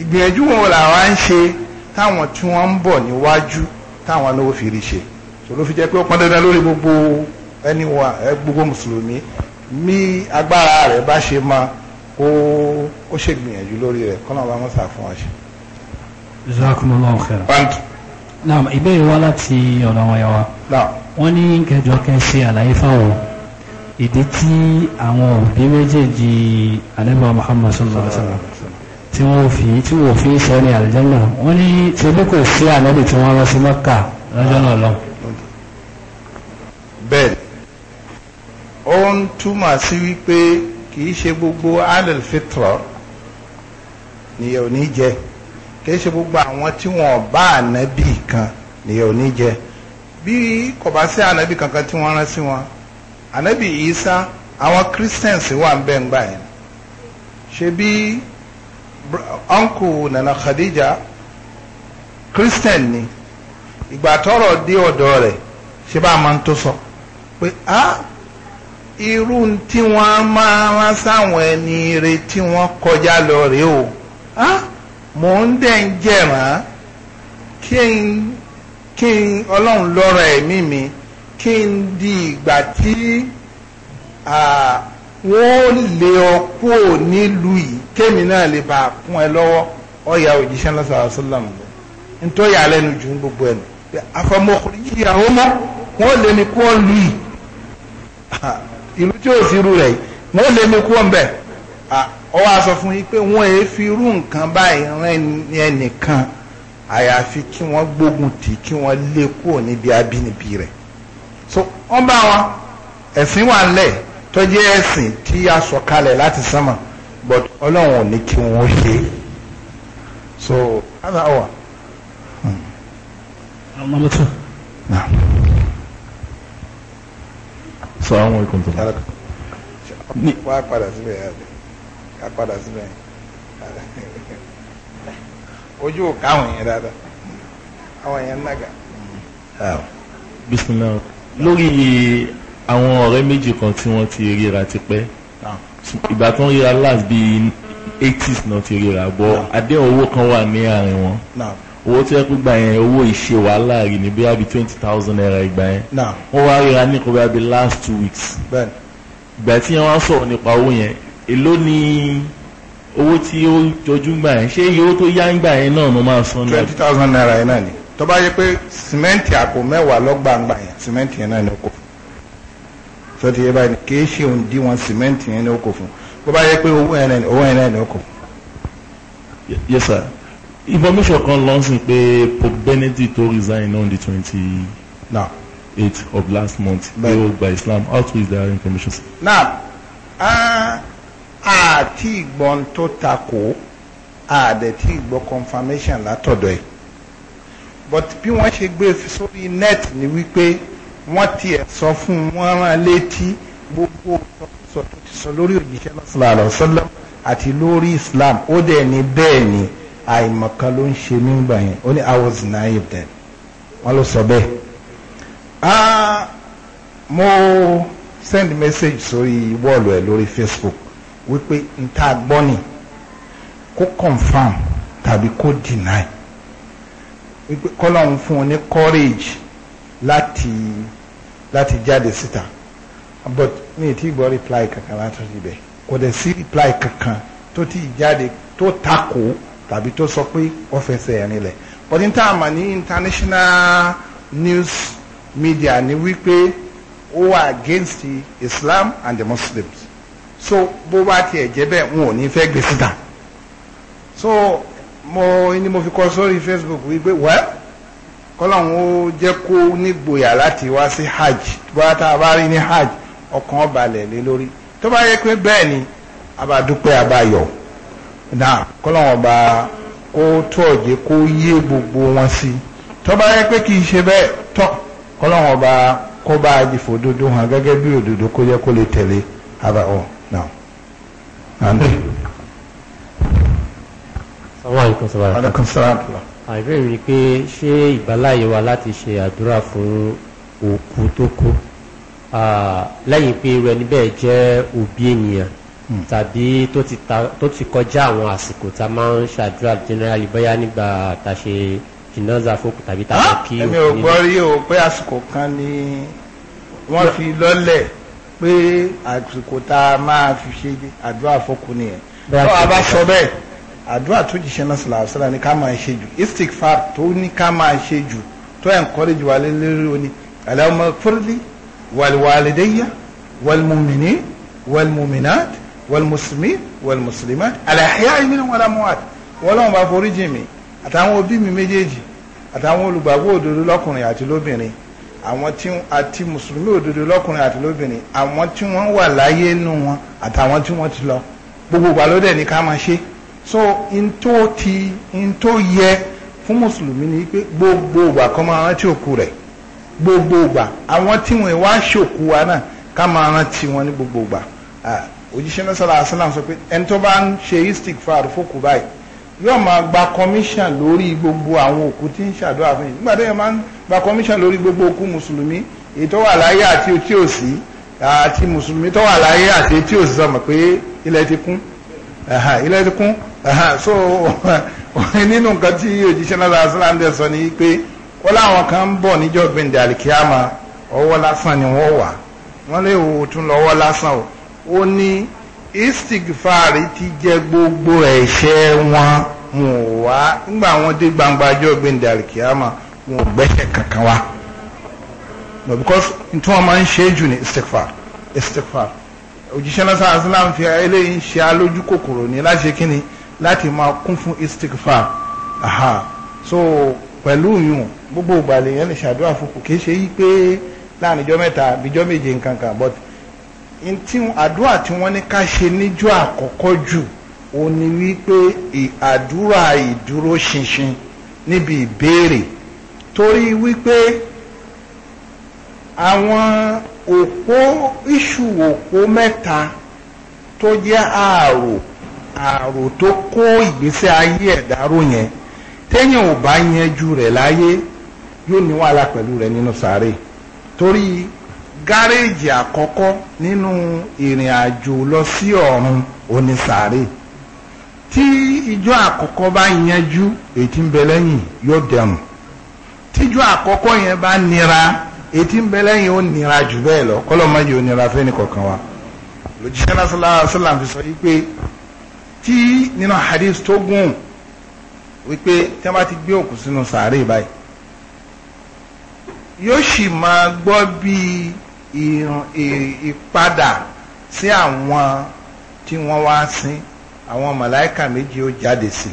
A: ìgbìyànjú wọn làwọn ń ṣe táwọn tí wọ́n ń bọ̀ níwájú táwọn lówó fi rí ṣe so ló fi jẹ́ pé ó pọn dandan lórí gbogbo ẹni wa gbogbo mùsùlùmí mi agbára rẹ̀ bá ṣe máa kó ó ṣègbìyànjú lórí rẹ̀ kọ́nà bá mọ́sà
B: fún wa ṣe. jazakumullahu khairan. naam ìbéèrè wá láti ọ̀dọ̀ àwọn yàrá. naam. wọ́n ní kẹjọ kẹ ṣe àlàyé fáwọn ìdí tí àwọn òbí méjèèjì alẹ́bàá muhammad sallallahu alaihi wa sallam tí wọ́n fi tí wọ́n fi sọ ní àlùjánnà wọ́n ní tẹ́lẹ̀ kò sí ànábì tí wọ́n rán sí mọ́kà lọ́jọ́ náà lọ. bẹ́ẹ̀ ó
A: ń túmọ̀ sí wípé kì í ṣe gbogbo alal fitra nìyẹn ò ní jẹ kì í ṣe gbogbo àwọn tí wọn bá ànábì kan nìyẹn ò ní jẹ bí kò bá sí ànábì kankan tí wọ́n rán sí wọn ànábì Ìsá àwọn christians wà ń bẹ̀ ń gbà yẹn ṣe bí uncle nana Khadija christian ni ìgbà tọ́rọ̀ dé ọ̀dọ̀ rẹ̀ ṣe bá a máa ń tó sọ pé ah irú tí wọ́n máa rán sáwọn ẹni ire tí wọ́n kọjá lọ rèé o mò ń dẹ̀ ń jẹ̀rán kí n ọlọ́run lọ́rọ̀ ẹ̀mí mi kí n di ìgbà tí wọ́n lé ọ kúrò nílùú yìí kémi náà lè bá a kún ẹ lọ́wọ́ ọ̀yà òjíṣẹ́ lọ́sàá àṣọlámù lọ nítorí àlẹ́nu jù ń gbogbo ẹ̀nu àfọmọkùnrin yìí àwọn ọmọ wọn lè ní kú ọ yìí. ìlú tí ò sí irú rẹ̀ wọ́n lè mi kú ọ̀nbẹ̀ ọ ah, wá sọ fún yín pé wọ́n èé fi irú nǹkan báyìí rán ẹnìkan àyàfi kí wọ́n gbógun tì kí wọ́n lé kúrò níbi abínibí rẹ̀ so wọ́n bá wọn ẹ̀sìn wà ńlẹ̀ tó jẹ́ ẹ̀sìn tí a sọ kalẹ̀ láti sánmà but ọlọ́run ò ní kí wọ́n ṣe so. Hada awa. Hmm. Allah mutu. Assalamu alaikum tó. wọ́n á padà síbẹ̀ yà dé ká padà síbẹ̀ ojú ò káwọn yẹn dáadáa àwọn yẹn nàgà. Ah, bisimilá lórí àwọn ọ̀rẹ́ méjì kan tí wọ́n ti ríra tipẹ́ ah. ìgbà tó ń ríra last bíi eighties náà ti ríra bọ́ ah. adé owó kan wà ní àárín wọn owó tí wọ́n gbà yẹn owó ìṣe wàhálà rí ni bí i twenty thousand naira ìgbà yẹn wọ́n wá ríra ní kó bí i last two weeks ìgbà tí wọ́n wá sọ̀rọ̀ nípa owó yẹn èló ni owó tí ó jọjú gbà yẹn ṣé iye owó tó yá ń gbà yẹn náà ló máa san twenty thousand naira yẹn náà ni tó bá yẹ pé sìmẹ́ǹtì àpò mẹ́wàá lọ́gbà ń gbà yẹn sìmẹ́ǹtì yẹn náà ni ó kò fún tó ti yẹ báyìí kì í ṣe òun dí wọn sìmẹ́ǹtì yẹn ni ó kò fún bó bá yẹ pé owó yẹn náà ni ó kò fún. yes sir information kan lọ sí pé Pope Benedict tó resign on the twenty eight of last month yóò gba Islam how true is that information. now àti ìgbọ́n tó takò àdẹ̀tí ìgbọ́ confirmation látọ̀dọ̀ ẹ̀ but bí wọ́n ṣe gbé sórí net ni wípé wọ́n tiẹ̀ sọ fún wọn rán létí gbogbo sọ tó ti sọ lórí òjíṣẹ́ lọ́sọ̀lá àti lórí Islam ó dẹ̀ ní bẹ́ẹ̀ ni àìmọ̀kan ló ń ṣe mí gbà yẹn ó ní i was naive then wọ́n ló sọ bẹ́ẹ̀ ah mo send message sórí wọ́ọ̀lù ẹ̀ lórí Facebook wípé n tá a gbọ́ ni kó confirm tàbí kó deny wípé kọ́lọ́hún fún un ní courage láti láti jáde síta but mi ì tí gbọ́ reply kankan látọ̀ síbẹ̀ kò dẹ̀ sí reply kankan tó ti jáde tó takò tàbí tó sọ pé ó fẹsẹ̀ ẹ̀rin lẹ̀ but n tá mà ní international news media ni wípé ó wà against Islam and the Muslims so bó bá tiẹ̀ jẹ́ bẹ́ẹ̀ n ò ní fẹ́ gbé síta so mo ni mo fi kọ sórí Facebook wípé well kọ́láwọn ó jẹ́ kó nígboyà láti wá sí hajj bóyá tá a bá rí ní hajj ọkàn balẹ̀ lé lórí tó bá yẹ pé bẹ́ẹ̀ ni a bá na kọ́lọ́wọ́n ọba kó tó kó yé gbogbo wọn sí tó yẹ pé kì í ṣe bẹ́ẹ̀ tọ́ kó bá a gẹ́gẹ́ bí kó yẹ kó lè tẹ̀lé ara ọ̀ náà.
B: Assalamualaikum ni wa láti ṣe àdúrà fún òkú tó kú lẹ́yìn pé irú ẹni bẹ́ẹ̀ jẹ́ òbí ènìyàn Hmm. tàbí tó ti kọjá àwọn àsìkò tá a máa ń ṣàdúrà generally bóyá nígbà tá a ṣe jìnnàza fókù tàbí tá a ah, kí òkú nínú. ò gbọ́
A: rí o pé àsìkò kan ni wọ́n fi lọ́lẹ̀ pé àsìkò tá a máa fi ṣe àdúrà fókù nìyẹn. tó a bá sọ bẹ́ẹ̀ àdúrà tó jìṣẹ́ náà sọ̀rọ̀ àṣọ ni ká máa ṣe jù istikfar tó ní ká máa ṣe jù tó encourage wa lélẹ́rí o ní Allahumma ighfirli wal walidayya wal wàlmùsùlùmí wàlmùsùlùmá àlàyé ìmínú wọn làmúwàt wọn lọ́wọ́n bá forí jì mí àtàwọn òbí mi méjèèjì àtàwọn olùgbàgbọ́ òdodo lọ́kùnrin àti lóbìnrin àwọn tí àti mùsùlùmí òdodo lọ́kùnrin àti lóbìnrin àwọn tí wọ́n wà láyé nù wọn àtàwọn tí wọ́n ti lọ gbogbo ìgbà ló ká máa ṣe so n tó ti n tó yẹ fún mùsùlùmí ni pé gbogbo ìgbà kan máa rántí òkú rẹ̀ gbogbo ìgbà àwọn tí wọ́n wá ṣòkú wa náà ká máa rántí wọn ní gbogbo ìgbà. Ah, òjíṣẹ́ náà sọ̀rọ̀ àṣìlám sọ pé ẹni tó bá ń ṣe istighfar fòkù báyìí yóò máa gba commission lórí gbogbo àwọn òkú tí ń ṣàdúrà fún yìí nígbà tó yẹ máa ń gba commission lórí gbogbo òkú mùsùlùmí èyí tó wà láyé àti tí ò àti mùsùlùmí tó wà láyé àti tí ò sí sọmọ pé ilẹ̀ ti kún ilẹ̀ ti kún so nínú nǹkan tí òjíṣẹ́ náà àṣìlám dẹ̀ sọ ni pé wọ́n láwọn kan ń bọ̀ níjọ́ gbẹ̀ǹdẹ̀ àlìkíyàmà ọwọ́ lásán ni wọ́n wà wọ́n lè wo tún lọ́wọ́ lásán o ó ní istigfari ti jẹ gbogbo ẹ̀ṣẹ̀ wọn wọn ò wá nígbà wọn dé gbangba ọjọ́ gbẹndàrí kìámà wọn ò gbẹ́ṣẹ̀ kankan wá no because tí wọn máa ń ṣe jù ní istigfar istigfar òjíṣẹ́ náà sáà sí láǹfi eléyìí ń ṣe alójú kòkòrò ní láṣẹ kínni láti máa kún fún istigfar aha so pẹ̀lú yùn gbogbo ìgbàlè yẹn lè ṣàdúrà fún kò kì í ṣe yí pé láàrin ijọ́ mẹ́ta àbíjọ́ méje nǹkan kan but àdúrà tí wọ́n ní ká ṣe níjọ́ àkọ́kọ́ jù ó ni wípé àdúrà ìdúróṣinṣin níbi ìbéèrè torí wípé àwọn òpó iṣu òpó mẹ́ta tó jẹ́ ààrò ààrò tó kó ìgbésí ayé ẹ̀dáró yẹn téèyàn ò bá yanjú rẹ̀ láyé yóò ní wàhálà pẹ̀lú rẹ̀ nínú sàárè torí gáréèjì àkọ́kọ́ nínú ìrìn àjò lọ sí ọ̀run onísàárè tí ijó àkọ́kọ́ bá yanjú ètí ń bẹ lẹ́yìn yóò dẹrùn tíjó àkọ́kọ́ yẹn bá nira ètí ń bẹ lẹ́yìn ó nira jù bẹ́ẹ̀ lọ kọ́lọ́mọ yìí ó nira fẹ́ni kọ̀ọ̀kan wa lójúṣẹ́ lásìlára sọ́là fi sọ wípé tí nínú hadith tó gùn wípé tí wọ́n bá ti gbé òkú sínú sàárè báyìí yóò sì máa gbọ́ bíi ìpadà sí àwọn tí wọ́n wá sí àwọn màláìkà méjì ó jáde sí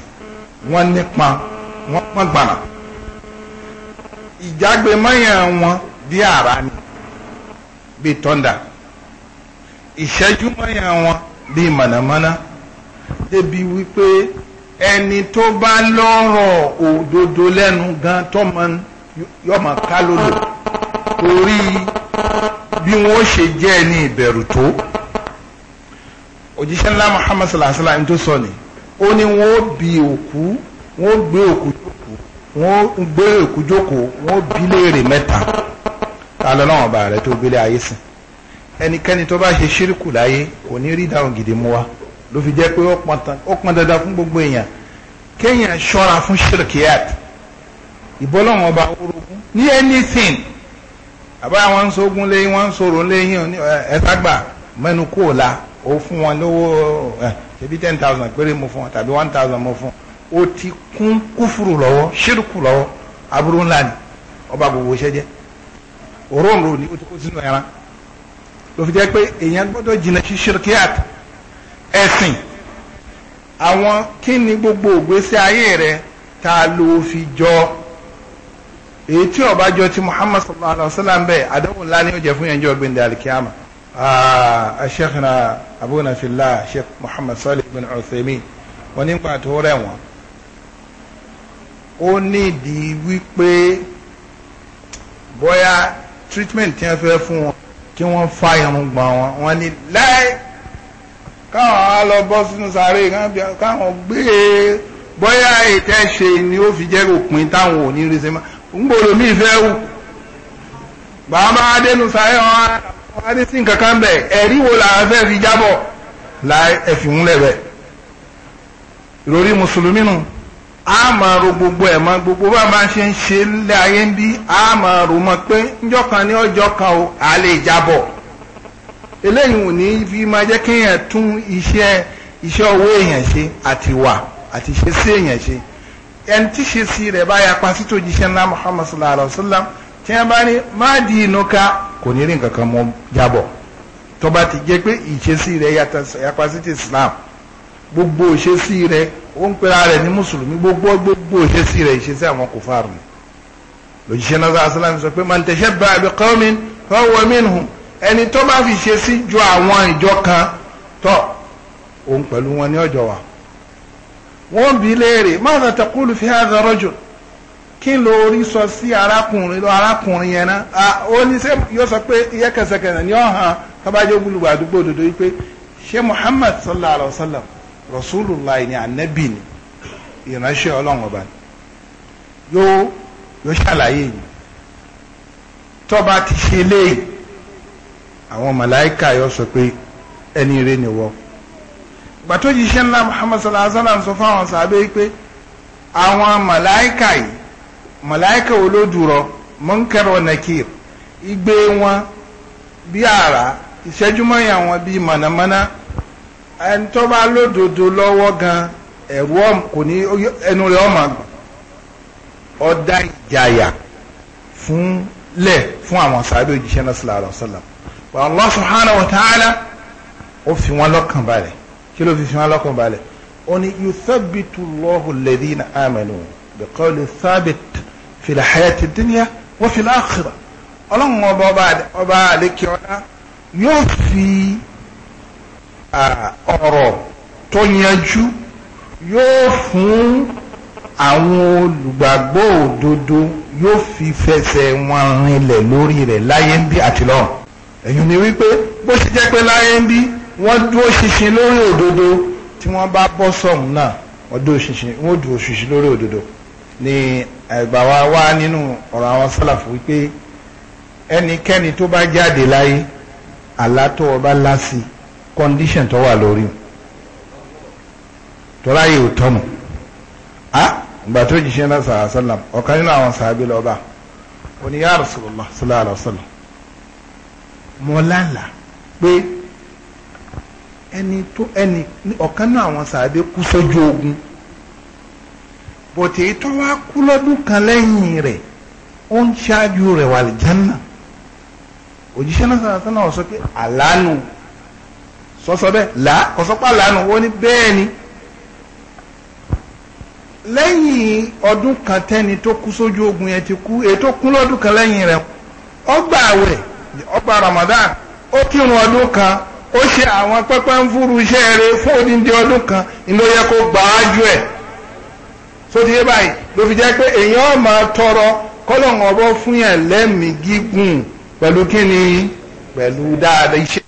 A: wọ́n nípa wọ́n pọ́n gbàrà ìjágbe mọ́yàn wọn bí àrá ni bí tọ́ndà ìṣẹ́jú mọ́yàn wọn bí mànàmáná débi wípé ẹni tó bá lọ́rọ̀ òdodo lẹ́nu gan tọ́mọ yọmọ kálólò torí bí wọ́n ṣe jẹ́ ẹni ìbẹ̀rù tó òjíṣẹ́ ńlá Muhammad sallallahu alaihi wasallam tó sọ ni ó ní wọ́n bi òkú wọ́n gbé òkú jókòó wọ́n gbé òkú jókòó wọ́n bi léèrè mẹ́ta ta lọ náà bàrà rẹ tó gbélé ayé sìn ẹnikẹ́ni tó bá ṣe ṣírìkù láyé kò ní rí ìdáhùn gidi mú wa ló fi jẹ́ pé ó pọn dandan fún gbogbo èèyàn kéèyàn ṣọ́ra fún ṣírìkìyàt ìbọ́lọ́wọ́n ọba orogún ní anything àbá wọn ń sógun lé wọn ń sòrò lé yín ẹ̀sàgbà mẹ́nu kúò la ó fún wọn lówó ẹ̀ ṣebí ten thousand péré mo fún wọn tàbí one thousand mo fún wọn ó ti kún kúfùrù lọ́wọ́ ṣírùkù lọ́wọ́ aburú ńlá ni ọba gbogbo iṣẹ́ jẹ́ òróǹro ni ó ti kó sínú ẹran ló fi jẹ́ pé èèyàn gbọ́dọ̀ jìnnà sí ṣírkíàt ẹ̀sìn àwọn kí ni gbogbo ògbésí ayé rẹ̀ ta ló fi jọ èyí tí ó bá jọ ti muhammad sallallahu alaihi wa sallam bẹ́ẹ̀ àdánwò ńlá ni ó jẹ fún yẹn jọ gbẹ̀ndẹ̀ alikiyama ah, sheikhna abuna fillah sheikh muhammad salih bin uthaymin wọn nígbà tó rẹ̀ wọ́n ó nídìí wípé bóyá treatment tí wọ́n fẹ́ fún wọn kí wọ́n fa irun gbọ̀n wọn wọ́n ní láì káwọn á lọ bọ́ sínú sáré káwọn gbé bóyá ètò ẹ̀ṣẹ̀ ni ó fi jẹ́ òpin táwọn ò ní rí sí máa. ńgbòòrò mi fẹ́ wù bàá máa dénú sáyé wọn wá ní sí nǹkan kan wo e fi lórí a gbogbo ẹ̀ gbogbo bá ṣe ń ṣe lé ayé ń bí a ma e pé ńjọ́ o a lè jábọ̀ eléyìí ní fi kéèyàn tún owó èèyàn ṣe àti wà àti ṣe sí ẹni tí ṣe sí rẹ̀ bá yapa sí tó muhammad sallallahu alayhi wa sallam tí wọ́n bá ní má di inú ká kò ní rí nǹkan kan mọ́ jábọ̀ tó bá ti jẹ́ pé ìṣesí rẹ̀ yapa sí ti islam gbogbo ìṣesí rẹ̀ ó ń pera rẹ̀ ní mùsùlùmí gbogbo gbogbo ìṣesí rẹ̀ ìṣesí àwọn kùfàr ni lójíṣẹ́ náà sallallahu alayhi wa sọ pé man tashabbaha bi qawmin fa huwa minhum ẹni tó bá fi ṣe sí ju àwọn ìjọ kan tó òun pẹ̀lú wọn ní ọjọ́ wa wọ́n bi léèrè mọ́nà taqulu fi hadha rajul kí ló rí sọ sí arákùnrin lọ arákùnrin yẹn ná ó ní ṣé yóò sọ pé iye kẹsẹkẹsẹ ni ó hàn tọ́bajẹ́ gbólùgbà àdúgbò òdodo yìí pé ṣé Muhammad sallallahu alayhi wa sallam rasulullah ni anabi ni ìránṣẹ́ ọlọ́run yóò yóò ṣàlàyé yìí tọ́ba ti ṣe léyìí àwọn màláìka yóò sọ pé ẹni rẹ ni wọ́n gbàtó jíṣẹ́ ńlá Muhammad sallallahu alaihi wa sallam sọ fáwọn sàbẹ́ pé àwọn màláìkà yìí màláìkà olódùrọ̀ Munkar wa Nakir igbe wọn bí àrà ìṣẹ́jú mọ́yà wọn bí mànàmáná ẹni tó bá lódodo lọ́wọ́ gan ẹ̀rú kò ní ẹnu rẹ̀ ọmọ àgbà ọ̀dà ìjàyà fún lẹ̀ fún àwọn sàbẹ̀ òjíṣẹ́ náà sallallahu alaihi wa sallam Allah subhanahu wa ta'ala ó fi wọn lọ́kàn balẹ̀ kí ló fi fi wọn lọ́kàn balẹ̀ ó ní yuthabitu Allahu alladhina amanu bi qawli thabit fil hayati dunya wa fil akhirah ọlọ́run ọba ọba àlékè ọ̀la yóò fi ọ̀rọ̀ tó yanjú yóò fún àwọn olùgbàgbọ́ òdodo yóò fi fẹsẹ̀ wọn rinlẹ̀ lórí rẹ̀ láyé ń bí àti lọ́run ẹ̀yìn ni wípé bó ṣe jẹ́ pé láyé ń wọ́n dúró ṣinṣin lórí òdodo tí wọ́n bá bọ́ sọ̀hún náà wọ́n dúró ṣinṣin wọ́n dúró ṣinṣin lórí òdodo ni ẹ̀gbà wa wá nínú ọ̀rọ̀ àwọn sálàfù wípé ẹnikẹ́ni tó bá jáde láyé àlátọ́ ọba lásì condition tó wà lórí tọ́láyé ò tọ́nu ìgbà tó jíṣẹ́ náà sàrà sálàm ọ̀kan nínú àwọn sàábí lọ́ba oníyàrá sọlọ́lá sọlá àlọ́ sọlá mọ́lá là pé ẹni tó ẹni ọ̀kan náà àwọn sàábé kú sójú ogun bọ̀tẹ̀ tó wa kú lọ́dún kan lẹ́yìn rẹ̀ ó ń ṣáájú rẹ̀ wà lìjánà òjíṣẹ́ náà sọ̀rọ̀ sọ́nà ọ̀sọ́ pé àlánù sọ́sọ́ bẹ́ẹ̀ là ọ̀sọ́pá àlánù ó ní bẹ́ẹ̀ ni lẹ́yìn ọdún kan tẹ́ni tó kú sójú ogun yẹn ti kú èyí kú lọ́dún kan lẹ́yìn rẹ̀ ó ṣe àwọn pẹ́pẹ́ ń fúru iṣẹ́ rẹ fún odindi ọdún kan ló yẹ kó gbà á ju ẹ̀ sóti yé báyìí ló fi jẹ́ pé èèyàn máa tọrọ kọ́lọ̀ ọ̀bọ fún yẹn lẹ́mìí gígùn pẹ̀lú kíni